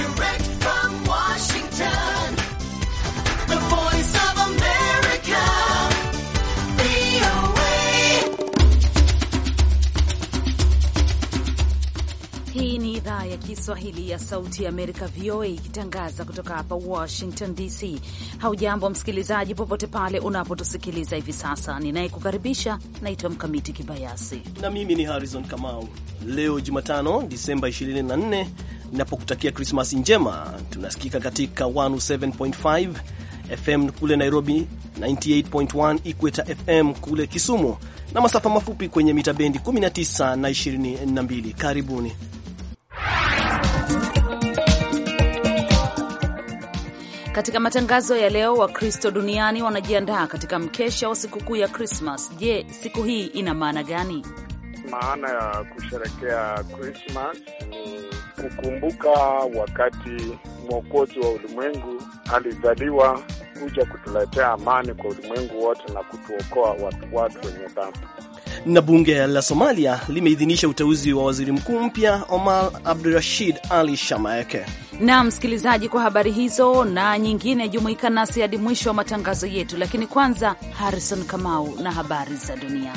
Direct from Washington, the voice of America, VOA. Hii ni idhaa ya Kiswahili ya Sauti ya Amerika, VOA, ikitangaza kutoka hapa Washington DC. Haujambo msikilizaji, popote pale unapotusikiliza hivi sasa. Ninayekukaribisha naitwa Mkamiti Kibayasi na mimi ni Harrison Kamau. Leo Jumatano, Disemba 24 inapokutakia Krismasi njema. Tunasikika katika 107.5 FM kule Nairobi, 98.1 Equator FM kule Kisumu na masafa mafupi kwenye mita bendi 19 na 22. Karibuni. Katika matangazo ya leo, Wakristo duniani wanajiandaa katika mkesha wa sikukuu ya Krismas. Je, siku hii ina maana gani? Maana ya kusherekea Krismas ni kukumbuka wakati mwokozi wa ulimwengu alizaliwa kuja kutuletea amani kwa ulimwengu wote na kutuokoa watu watu wenye dhambi. Na bunge la Somalia limeidhinisha uteuzi wa waziri mkuu mpya Omar Abdurashid Ali Shamaeke. Na msikilizaji, kwa habari hizo na nyingine, jumuika nasi hadi mwisho wa matangazo yetu, lakini kwanza Harrison Kamau na habari za dunia.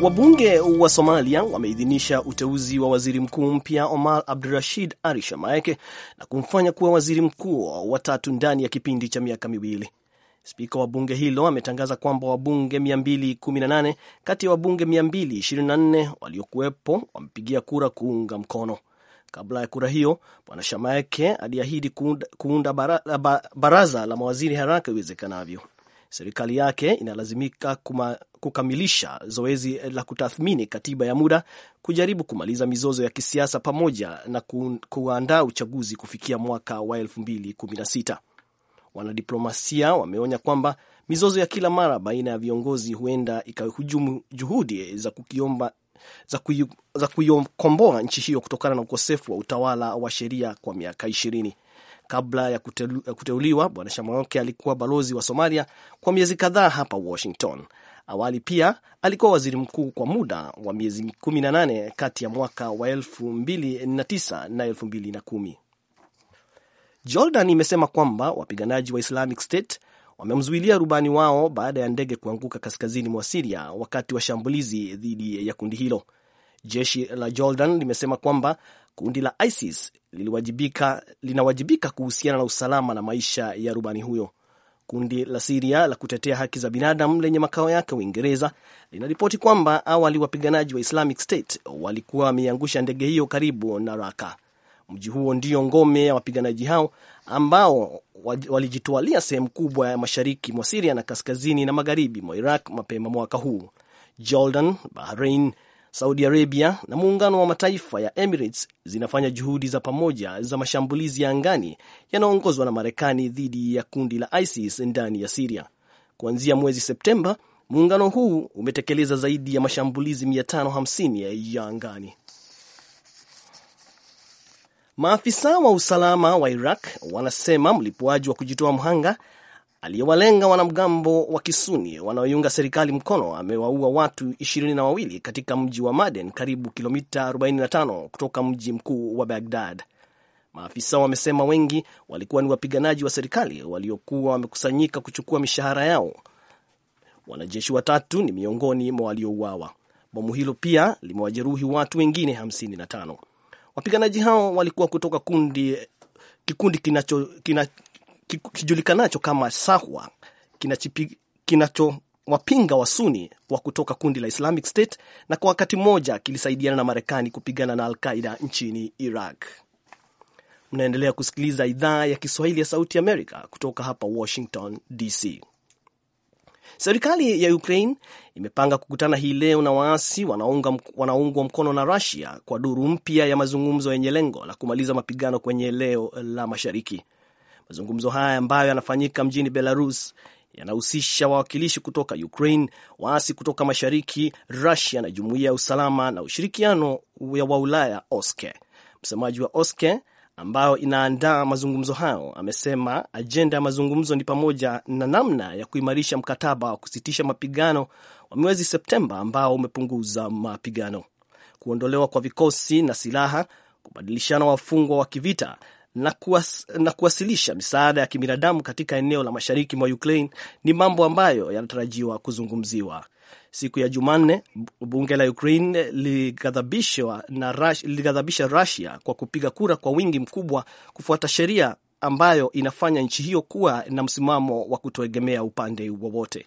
Wabunge wa Somalia wameidhinisha uteuzi wa waziri mkuu mpya Omar Abdurashid Ari Shamaeke na kumfanya kuwa waziri mkuu wa tatu ndani ya kipindi cha miaka miwili. Spika wa bunge hilo ametangaza kwamba wabunge 218 kati ya wabunge 224 waliokuwepo wamepigia kura kuunga mkono. Kabla ya kura hiyo, bwana Shamaeke aliahidi kuunda baraza la mawaziri haraka iwezekanavyo serikali yake inalazimika kuma, kukamilisha zoezi la kutathmini katiba ya muda, kujaribu kumaliza mizozo ya kisiasa pamoja na ku, kuandaa uchaguzi kufikia mwaka wa 2016. Wanadiplomasia wameonya kwamba mizozo ya kila mara baina ya viongozi huenda ikahujumu juhudi za kukiomba za, za kuikomboa nchi hiyo kutokana na ukosefu wa utawala wa sheria kwa miaka ishirini. Kabla ya kuteuliwa, Bwana Shamaoke alikuwa balozi wa Somalia kwa miezi kadhaa hapa Washington. Awali pia alikuwa waziri mkuu kwa muda wa miezi 18 kati ya mwaka wa 2009 na 2010. Jordan imesema kwamba wapiganaji wa Islamic State wamemzuilia rubani wao baada ya ndege kuanguka kaskazini mwa Siria wakati wa shambulizi dhidi ya kundi hilo. Jeshi la Jordan limesema kwamba Kundi la ISIS linawajibika kuhusiana na usalama na maisha ya rubani huyo. Kundi la Siria la kutetea haki za binadamu lenye makao yake Uingereza linaripoti kwamba awali wapiganaji wa Islamic State walikuwa wameiangusha ndege hiyo karibu na Raka. Mji huo ndio ngome ya wapiganaji hao ambao walijitwalia sehemu kubwa ya mashariki mwa Siria na kaskazini na magharibi mwa Iraq mapema mwaka huu. Jordan, Bahrain, Saudi Arabia na Muungano wa Mataifa ya Emirates zinafanya juhudi za pamoja za mashambulizi ya angani yanayoongozwa na Marekani dhidi ya kundi la ISIS ndani ya Siria. Kuanzia mwezi Septemba, muungano huu umetekeleza zaidi ya mashambulizi 550 ya angani. Maafisa wa usalama wa Iraq wanasema mlipuaji wa kujitoa mhanga aliyewalenga wanamgambo wa kisuni wanaoiunga serikali mkono amewaua watu ishirini na wawili katika mji wa Maden, karibu kilomita 45 kutoka mji mkuu wa Bagdad. Maafisa wamesema wengi walikuwa ni wapiganaji wa serikali waliokuwa wamekusanyika kuchukua mishahara yao. Wanajeshi watatu ni miongoni mwa waliouawa. Bomu hilo pia limewajeruhi watu wengine 55. Wapiganaji hao walikuwa kutoka kundi kikundi kinacho, kijulikanacho kama Sahwa kinachowapinga wasuni wa kutoka kundi la Islamic State na kwa wakati mmoja kilisaidiana na Marekani kupigana na Alqaida nchini Iraq. Mnaendelea kusikiliza idhaa ya Kiswahili ya Sauti Amerika kutoka hapa Washington DC. Serikali ya Ukraine imepanga kukutana hii leo na waasi wanaoungwa mkono na Rusia kwa duru mpya ya mazungumzo yenye lengo la kumaliza mapigano kwenye eneo la mashariki. Mazungumzo haya ambayo yanafanyika mjini Belarus yanahusisha wawakilishi kutoka Ukraine, waasi kutoka mashariki, Rusia na jumuiya ya usalama na ushirikiano wa Ulaya, OSCE. Msemaji wa OSCE ambayo inaandaa mazungumzo hayo amesema ajenda ya mazungumzo ni pamoja na namna ya kuimarisha mkataba wa kusitisha mapigano wa mwezi Septemba ambao umepunguza mapigano, kuondolewa kwa vikosi na silaha, kubadilishana wafungwa wa kivita na, kuwas, na kuwasilisha misaada ya kibinadamu katika eneo la mashariki mwa Ukraine ni mambo ambayo yanatarajiwa kuzungumziwa. Siku ya Jumanne, bunge la Ukraine lilighadhabisha rasia kwa kupiga kura kwa wingi mkubwa kufuata sheria ambayo inafanya nchi hiyo kuwa na msimamo wa kutoegemea upande wowote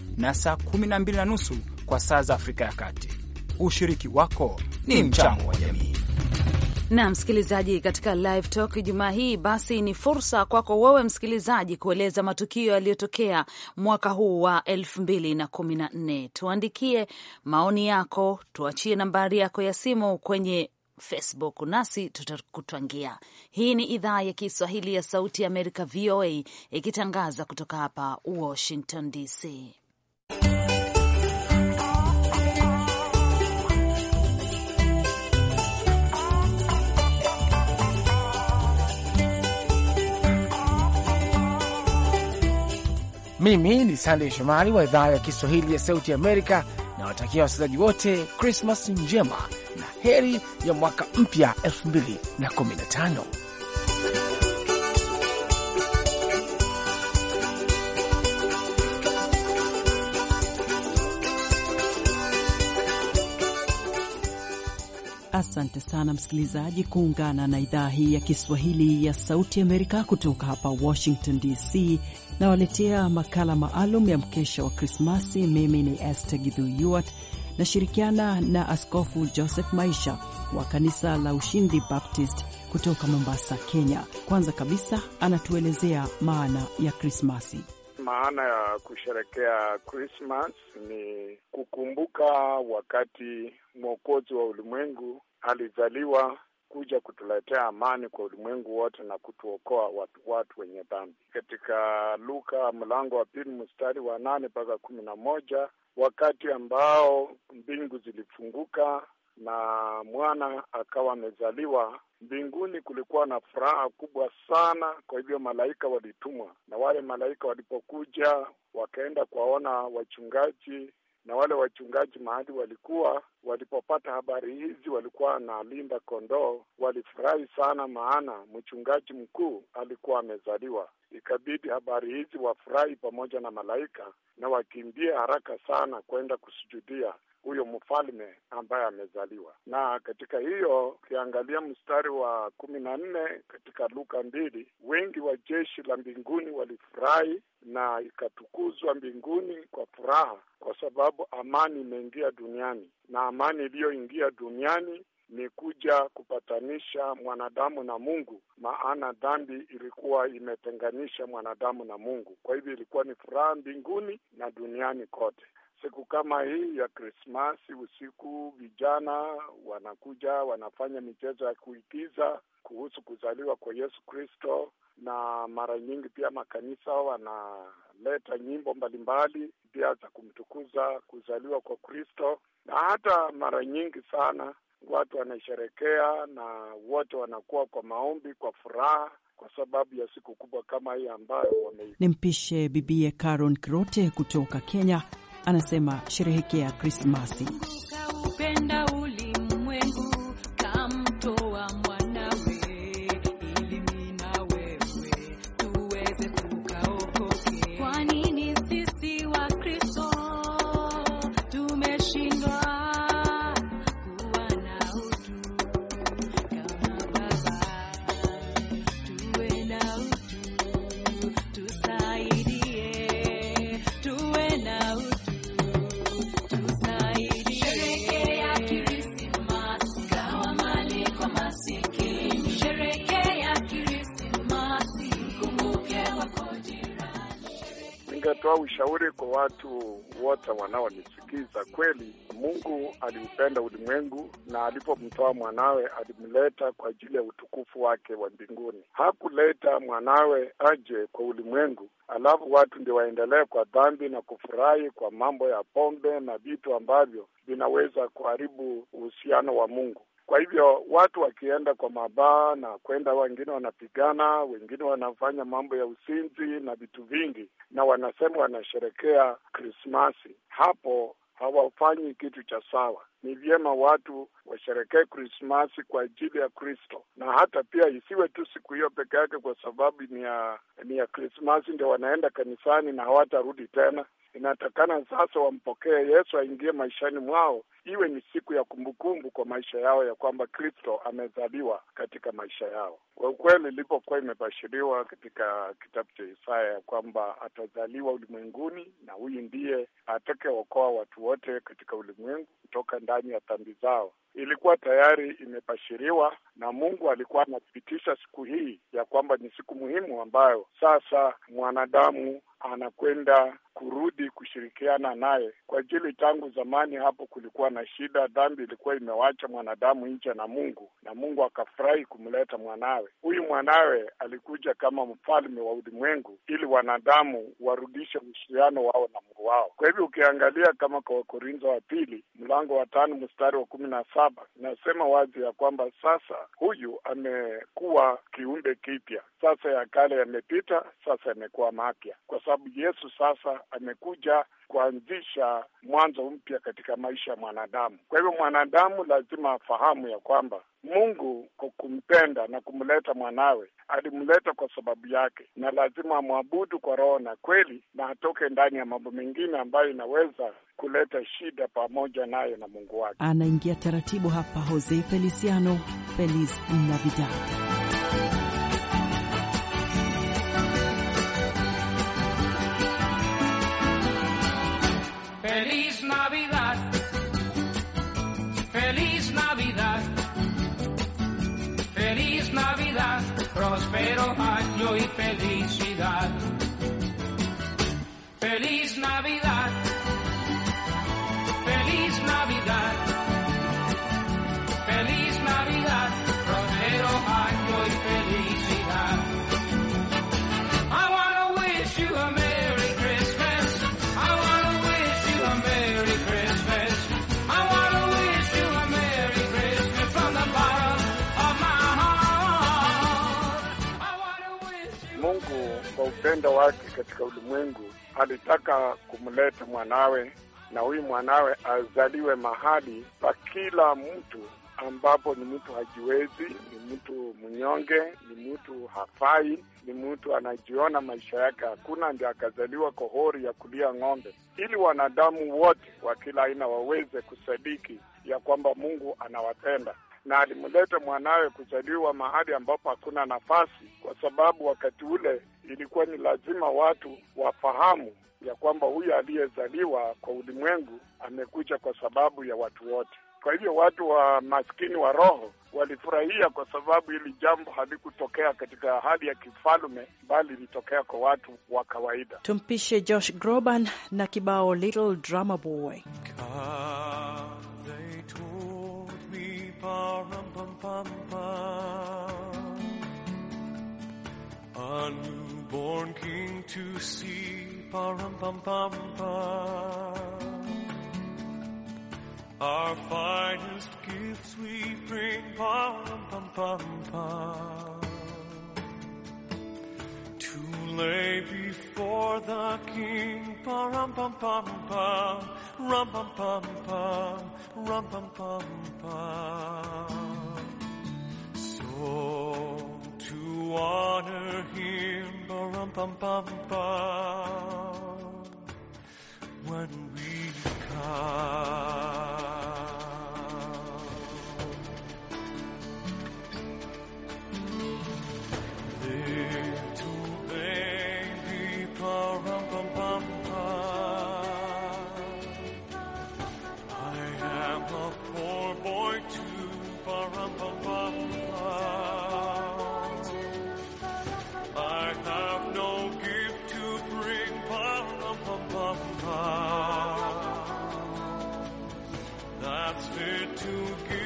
na saa 12 na nusu kwa saa za Afrika ya Kati. Ushiriki wako ni mchango wa jamii na msikilizaji katika Live Talk hii, basi ni fursa kwako wewe msikilizaji kueleza matukio yaliyotokea mwaka huu wa elfu mbili na kumi na nne. Tuandikie maoni yako, tuachie nambari yako ya simu kwenye Facebook nasi tutakutwangia. Hii ni idhaa ya Kiswahili ya Sauti ya Amerika, VOA, ikitangaza kutoka hapa Washington DC. Mimi ni Sandey Shomari wa idhaa ya Kiswahili ya Sauti Amerika, na watakia wasikilizaji wote Krismas njema na heri ya mwaka mpya 2015. Asante sana msikilizaji kuungana na idhaa hii ya Kiswahili ya Sauti Amerika kutoka hapa Washington DC. Nawaletea makala maalum ya mkesha wa Krismasi. Mimi ni Esther Gidhuyuat, nashirikiana na Askofu Joseph Maisha wa kanisa la Ushindi Baptist kutoka Mombasa, Kenya. Kwanza kabisa anatuelezea maana ya Krismasi. Maana ya kusherekea krismas ni kukumbuka wakati mwokozi wa ulimwengu alizaliwa kuja kutuletea amani kwa ulimwengu wote na kutuokoa watu, watu wenye dhambi. Katika Luka mlango wa pili mstari wa nane mpaka kumi na moja wakati ambao mbingu zilifunguka na mwana akawa amezaliwa mbinguni, kulikuwa na furaha kubwa sana. Kwa hivyo malaika walitumwa, na wale malaika walipokuja wakaenda kuwaona wachungaji na wale wachungaji mahali walikuwa, walipopata habari hizi, walikuwa wanalinda kondoo, walifurahi sana, maana mchungaji mkuu alikuwa amezaliwa. Ikabidi habari hizi wafurahi pamoja na malaika na wakimbie haraka sana kwenda kusujudia huyo mfalme ambaye amezaliwa. Na katika hiyo ukiangalia mstari wa kumi na nne katika Luka mbili, wengi wa jeshi la mbinguni walifurahi na ikatukuzwa mbinguni kwa furaha, kwa sababu amani imeingia duniani, na amani iliyoingia duniani ni kuja kupatanisha mwanadamu na Mungu, maana dhambi ilikuwa imetenganisha mwanadamu na Mungu. Kwa hivyo ilikuwa ni furaha mbinguni na duniani kote siku kama hii ya Krismasi usiku, vijana wanakuja wanafanya michezo ya kuigiza kuhusu kuzaliwa kwa Yesu Kristo, na mara nyingi pia makanisa wanaleta nyimbo mbalimbali pia za kumtukuza kuzaliwa kwa Kristo, na hata mara nyingi sana watu wanasherekea na wote wanakuwa kwa maombi, kwa furaha kwa sababu ya siku kubwa kama hii ambayo wame. ni mpishe bibie karon Kirote kutoka Kenya anasema sherehekea Krismasi. watu wote wanaonisikiza, kweli Mungu aliupenda ulimwengu na alipomtoa mwanawe alimleta kwa ajili ya utukufu wake wa mbinguni. Hakuleta mwanawe aje kwa ulimwengu alafu watu ndio waendelee kwa dhambi na kufurahi kwa mambo ya pombe na vitu ambavyo vinaweza kuharibu uhusiano wa Mungu. Kwa hivyo watu wakienda kwa mabaa na kwenda, wengine wanapigana, wengine wanafanya mambo ya usinzi na vitu vingi, na wanasema wanasherekea Krismasi, hapo hawafanyi kitu cha sawa ni vyema watu washerekee Krismasi kwa ajili ya Kristo, na hata pia isiwe tu siku hiyo peke yake, kwa sababu ni ya ni ya Krismasi ndio wanaenda kanisani na hawatarudi tena. Inatakana sasa wampokee Yesu aingie maishani mwao, iwe ni siku ya kumbukumbu kwa maisha yao ya kwamba Kristo amezaliwa katika maisha yao. Kwa ukweli, ilipokuwa imebashiriwa katika kitabu cha Isaya ya kwamba atazaliwa ulimwenguni na huyu ndiye atakayeokoa watu wote katika ulimwengu kutoka ndani ya tambi zao. Ilikuwa tayari imebashiriwa na Mungu, alikuwa anathibitisha siku hii ya kwamba ni siku muhimu ambayo sasa mwanadamu anakwenda kurudi kushirikiana naye kwa ajili. Tangu zamani hapo kulikuwa na shida, dhambi ilikuwa imewacha mwanadamu nje na Mungu, na Mungu akafurahi kumleta mwanawe. Huyu mwanawe alikuja kama mfalme wa ulimwengu, ili wanadamu warudishe uhusiano wao na Mungu wao. Kwa hivyo ukiangalia kama kwa Wakorintho wa pili mlango wa tano mstari wa kumi na saba inasema wazi ya kwamba sasa huyu amekuwa kiumbe kipya, sasa ya kale yamepita, sasa yamekuwa mapya kwa sababu Yesu sasa amekuja kuanzisha mwanzo mpya katika maisha ya mwanadamu. Kwa hivyo mwanadamu lazima afahamu ya kwamba Mungu kwa kumpenda na kumleta mwanawe alimleta kwa sababu yake, na lazima amwabudu kwa roho na kweli, na atoke ndani ya mambo mengine ambayo inaweza kuleta shida pamoja naye na Mungu wake. Anaingia taratibu hapa Jose Feliciano Feliz Navidad. Espero año y felicidad. upendo wake katika ulimwengu alitaka kumleta mwanawe na huyu mwanawe azaliwe mahali pa kila mtu ambapo ni mtu hajiwezi, ni mtu mnyonge, ni mtu hafai, ni mtu anajiona maisha yake hakuna, ndio akazaliwa kohori ya kulia ng'ombe, ili wanadamu wote wa kila aina waweze kusadiki ya kwamba Mungu anawapenda na alimleta mwanawe kuzaliwa mahali ambapo hakuna nafasi, kwa sababu wakati ule ilikuwa ni lazima watu wafahamu ya kwamba huyu aliyezaliwa kwa ulimwengu amekuja kwa sababu ya watu wote. Kwa hivyo watu wa maskini wa roho walifurahia kwa sababu hili jambo halikutokea katika hali ya kifalume bali lilitokea kwa watu wa kawaida. Tumpishe Josh Groban na kibao Little Drama Boy Come. ba rum pum pum A newborn king to see, ba rum pum pum pum. Our finest gifts we bring, ba rum pum pum pum. To lay before the king, ba rum pum pum pum, rum pum pum pum, rum pum pum pum. pam pam pam. to give.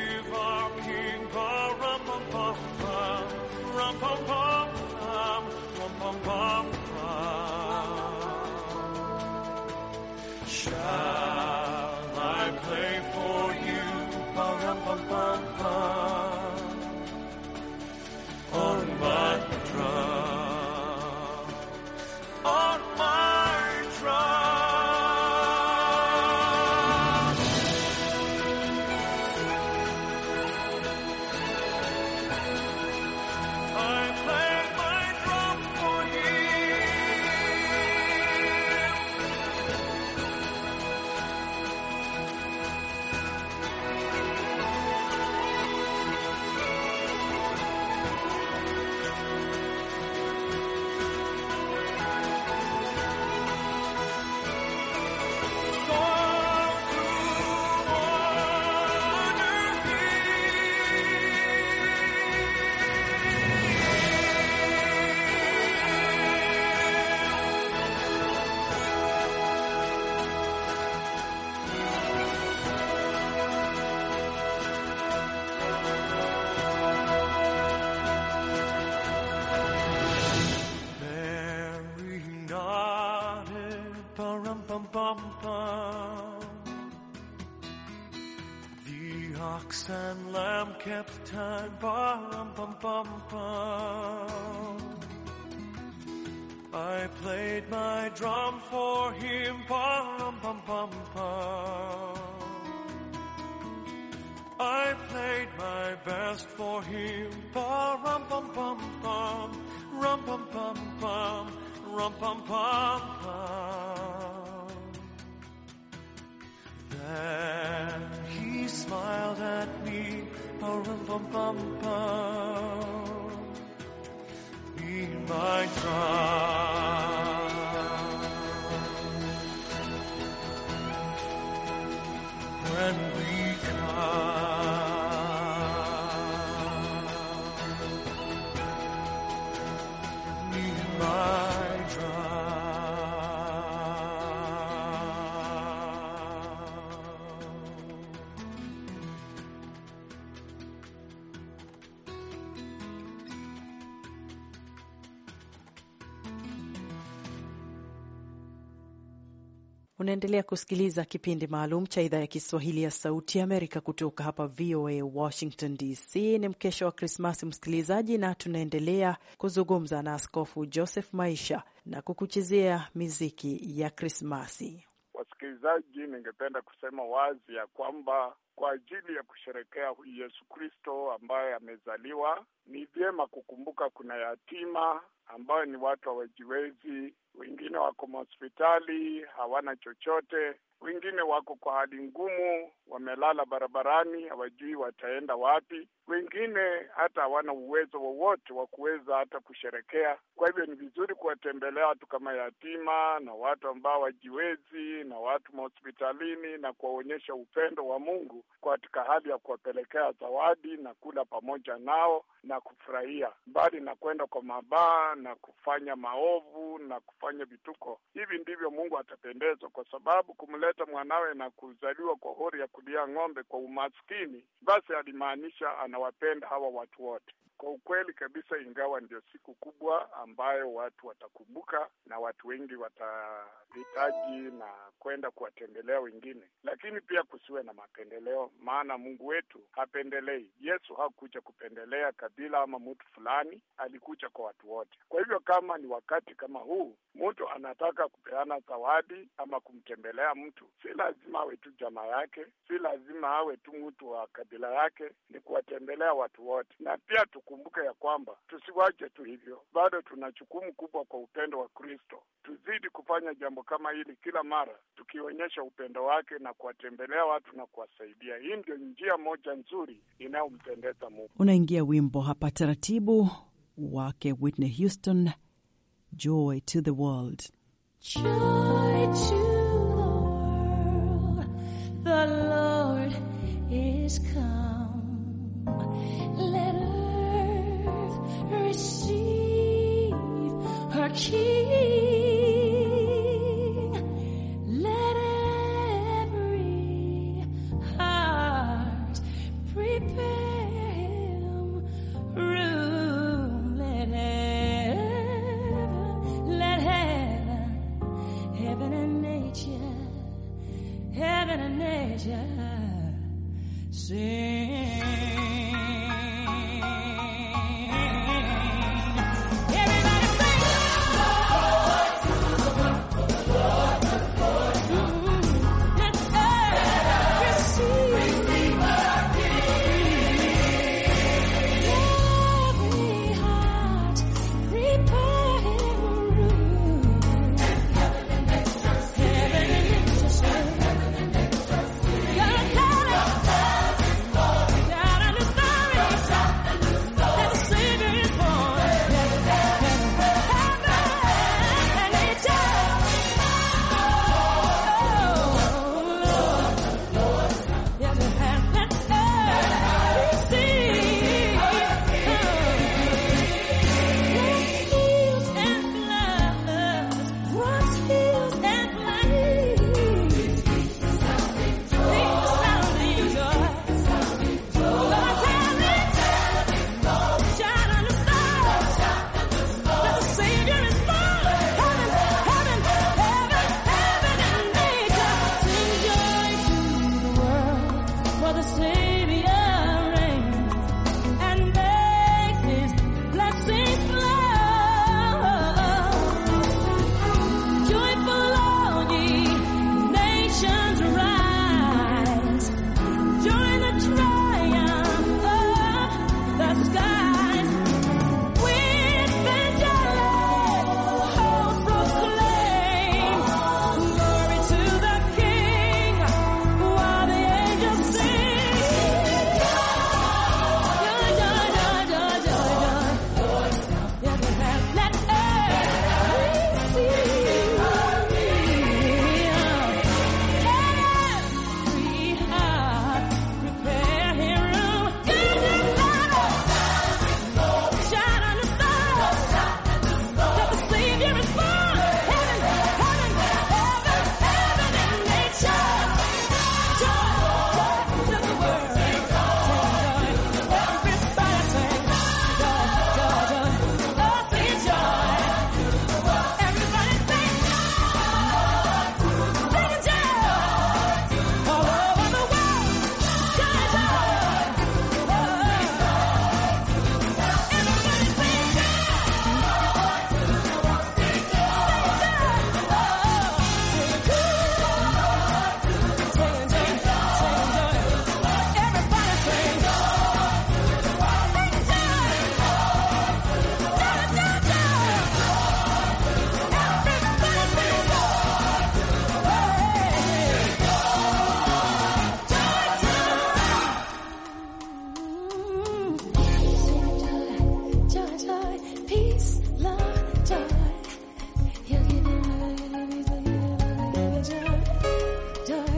pom pom. Unaendelea kusikiliza kipindi maalum cha idhaa ya Kiswahili ya Sauti ya Amerika kutoka hapa VOA Washington DC. Ni mkesha wa Krismasi, msikilizaji, na tunaendelea kuzungumza na Askofu Joseph Maisha na kukuchezea miziki ya Krismasi. Wasikilizaji, ningependa kusema wazi ya kwamba kwa ajili ya kusherekea Yesu Kristo ambaye amezaliwa, ni vyema kukumbuka kuna yatima ambao ni watu hawajiwezi, wengine wako mahospitali, hawana chochote wengine wako kwa hali ngumu, wamelala barabarani, hawajui wataenda wapi. Wengine hata hawana uwezo wowote wa kuweza hata kusherekea. Kwa hivyo ni vizuri kuwatembelea watu kama yatima na watu ambao wajiwezi na watu mahospitalini na kuwaonyesha upendo wa Mungu katika hali ya kuwapelekea zawadi na kula pamoja nao na kufurahia, mbali na kwenda kwa mabaa na kufanya maovu na kufanya vituko. Hivi ndivyo Mungu atapendezwa, kwa sababu kumleta kumleta mwanawe na kuzaliwa kwa hori ya kulia ng'ombe kwa umaskini, basi alimaanisha anawapenda hawa watu wote. Kwa ukweli kabisa, ingawa ndio siku kubwa ambayo watu watakumbuka na watu wengi watahitaji na kwenda kuwatembelea wengine, lakini pia kusiwe na mapendeleo, maana Mungu wetu hapendelei. Yesu hakuja kupendelea kabila ama mtu fulani, alikuja kwa watu wote. Kwa hivyo kama ni wakati kama huu mtu anataka kupeana zawadi ama kumtembelea mtu, si lazima awe tu jamaa yake, si lazima awe tu mtu wa kabila yake, ni kuwatembelea watu wote na pia tu tukumbuke ya kwamba tusiwaje tu hivyo, bado tuna jukumu kubwa kwa upendo wa Kristo. Tuzidi kufanya jambo kama hili kila mara, tukionyesha upendo wake na kuwatembelea watu na kuwasaidia. Hii ndio njia moja nzuri inayompendeza Mungu. Unaingia wimbo hapa taratibu wake Whitney Houston, Joy to the World, Joy. she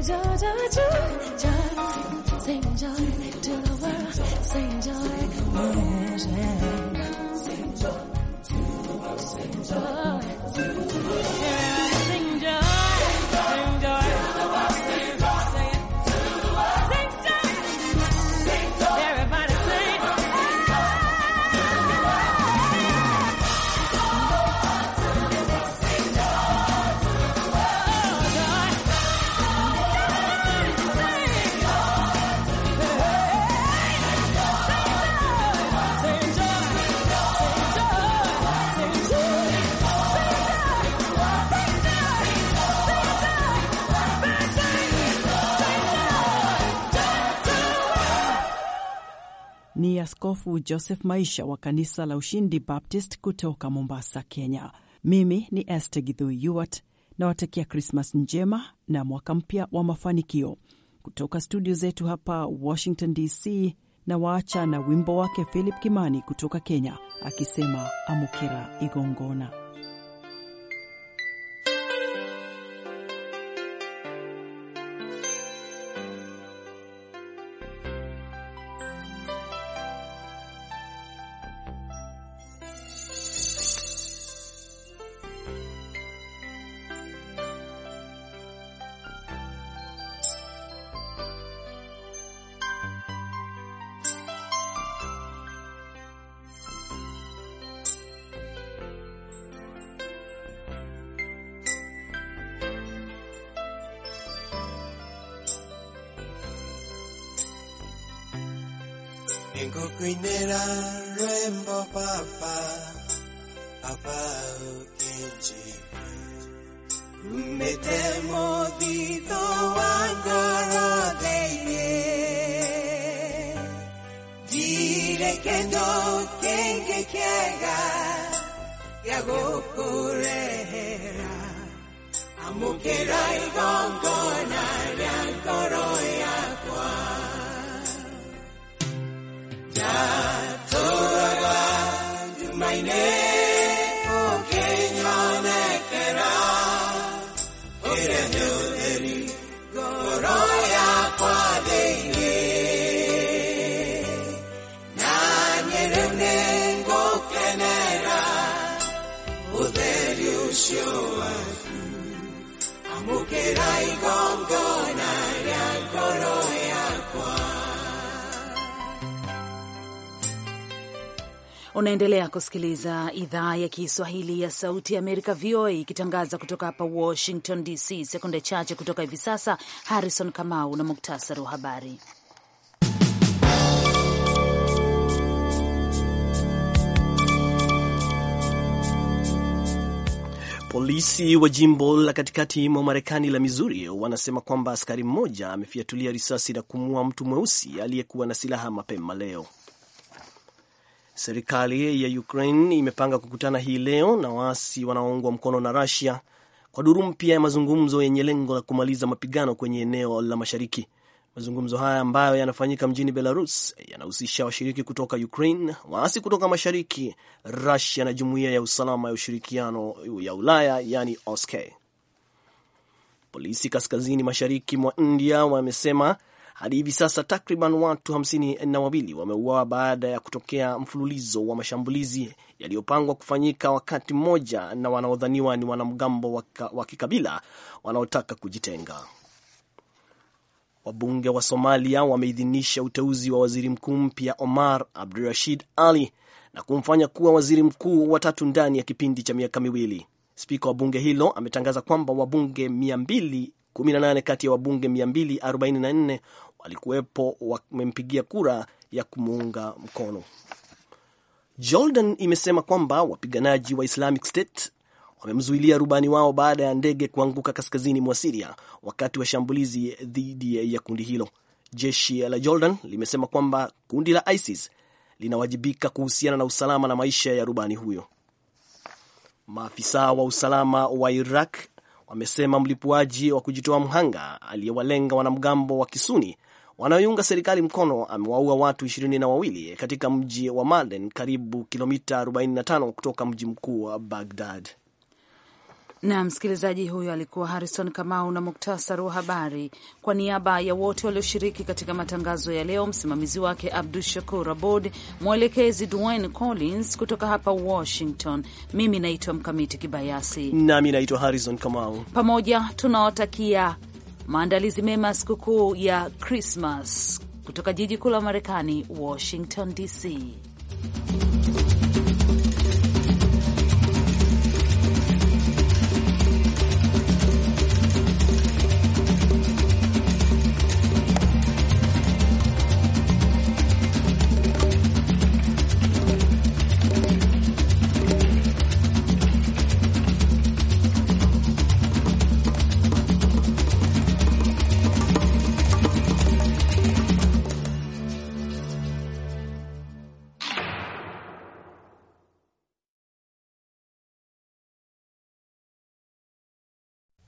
joy, joy, joy, joy. Sing joy to the world. Sing joy, world. Sing joy to the world. Sing joy to the world. Askofu Joseph Maisha wa kanisa la Ushindi Baptist kutoka Mombasa, Kenya. Mimi ni Esther yuart na nawatakia Krismas njema na mwaka mpya wa mafanikio kutoka studio zetu hapa Washington DC, na waacha na wimbo wake Philip Kimani kutoka Kenya akisema amukira igongona. rainbow papa, papa ukinji. Umetemo dito wangoro deye, dire kendo kenge kiega, yagokurehera, amukera igongona na ngoro yakwa. God. Unaendelea kusikiliza idhaa ya Kiswahili ya Sauti ya Amerika, VOA, ikitangaza kutoka hapa Washington DC. Sekunde chache kutoka hivi sasa, Harrison Kamau na muktasari wa habari. Polisi wa jimbo la katikati mwa Marekani la Mizuri wanasema kwamba askari mmoja amefiatulia risasi na kumua mtu mweusi aliyekuwa na silaha mapema leo. Serikali ya Ukraine imepanga kukutana hii leo na waasi wanaoungwa mkono na rasia kwa duru mpya ya mazungumzo yenye lengo la kumaliza mapigano kwenye eneo la mashariki. Mazungumzo haya ambayo yanafanyika mjini Belarus yanahusisha washiriki kutoka Ukraine, waasi kutoka mashariki, Rusia na jumuiya ya usalama ya ushirikiano ya Ulaya, yani osk Polisi kaskazini mashariki mwa India wamesema hadi hivi sasa takriban watu hamsini na wawili wameuawa baada ya kutokea mfululizo wa mashambulizi yaliyopangwa kufanyika wakati mmoja na wanaodhaniwa ni wanamgambo wa kikabila wanaotaka kujitenga. Wabunge wa Somalia wameidhinisha uteuzi wa waziri mkuu mpya Omar Abdurashid Ali na kumfanya kuwa waziri mkuu watatu ndani ya kipindi cha miaka miwili. Spika wa bunge hilo ametangaza kwamba wabunge 218 kati ya wabunge 244 walikuwepo wamempigia kura ya kumuunga mkono. Jordan imesema kwamba wapiganaji wa Islamic State wamemzuilia rubani wao baada ya ndege kuanguka kaskazini mwa Siria wakati wa shambulizi dhidi ya kundi hilo. Jeshi la Jordan limesema kwamba kundi la ISIS linawajibika kuhusiana na usalama na maisha ya rubani huyo. Maafisa wa usalama wa Iraq wamesema mlipuaji wa kujitoa mhanga aliyewalenga wanamgambo wa Kisuni wanaoiunga serikali mkono amewaua watu ishirini na wawili katika mji wa Maden, karibu kilomita 45 kutoka mji mkuu wa Bagdad. Na msikilizaji huyo alikuwa Harrison Kamau na muktasari wa habari. Kwa niaba ya wote walioshiriki katika matangazo ya leo, msimamizi wake Abdu Shakur abod mwelekezi Dwayne Collins, kutoka hapa Washington, mimi naitwa Mkamiti Kibayasi nami naitwa Harrison Kamau. Pamoja tunawatakia maandalizi mema ya sikukuu ya Krismas kutoka jiji kuu la Marekani, Washington DC.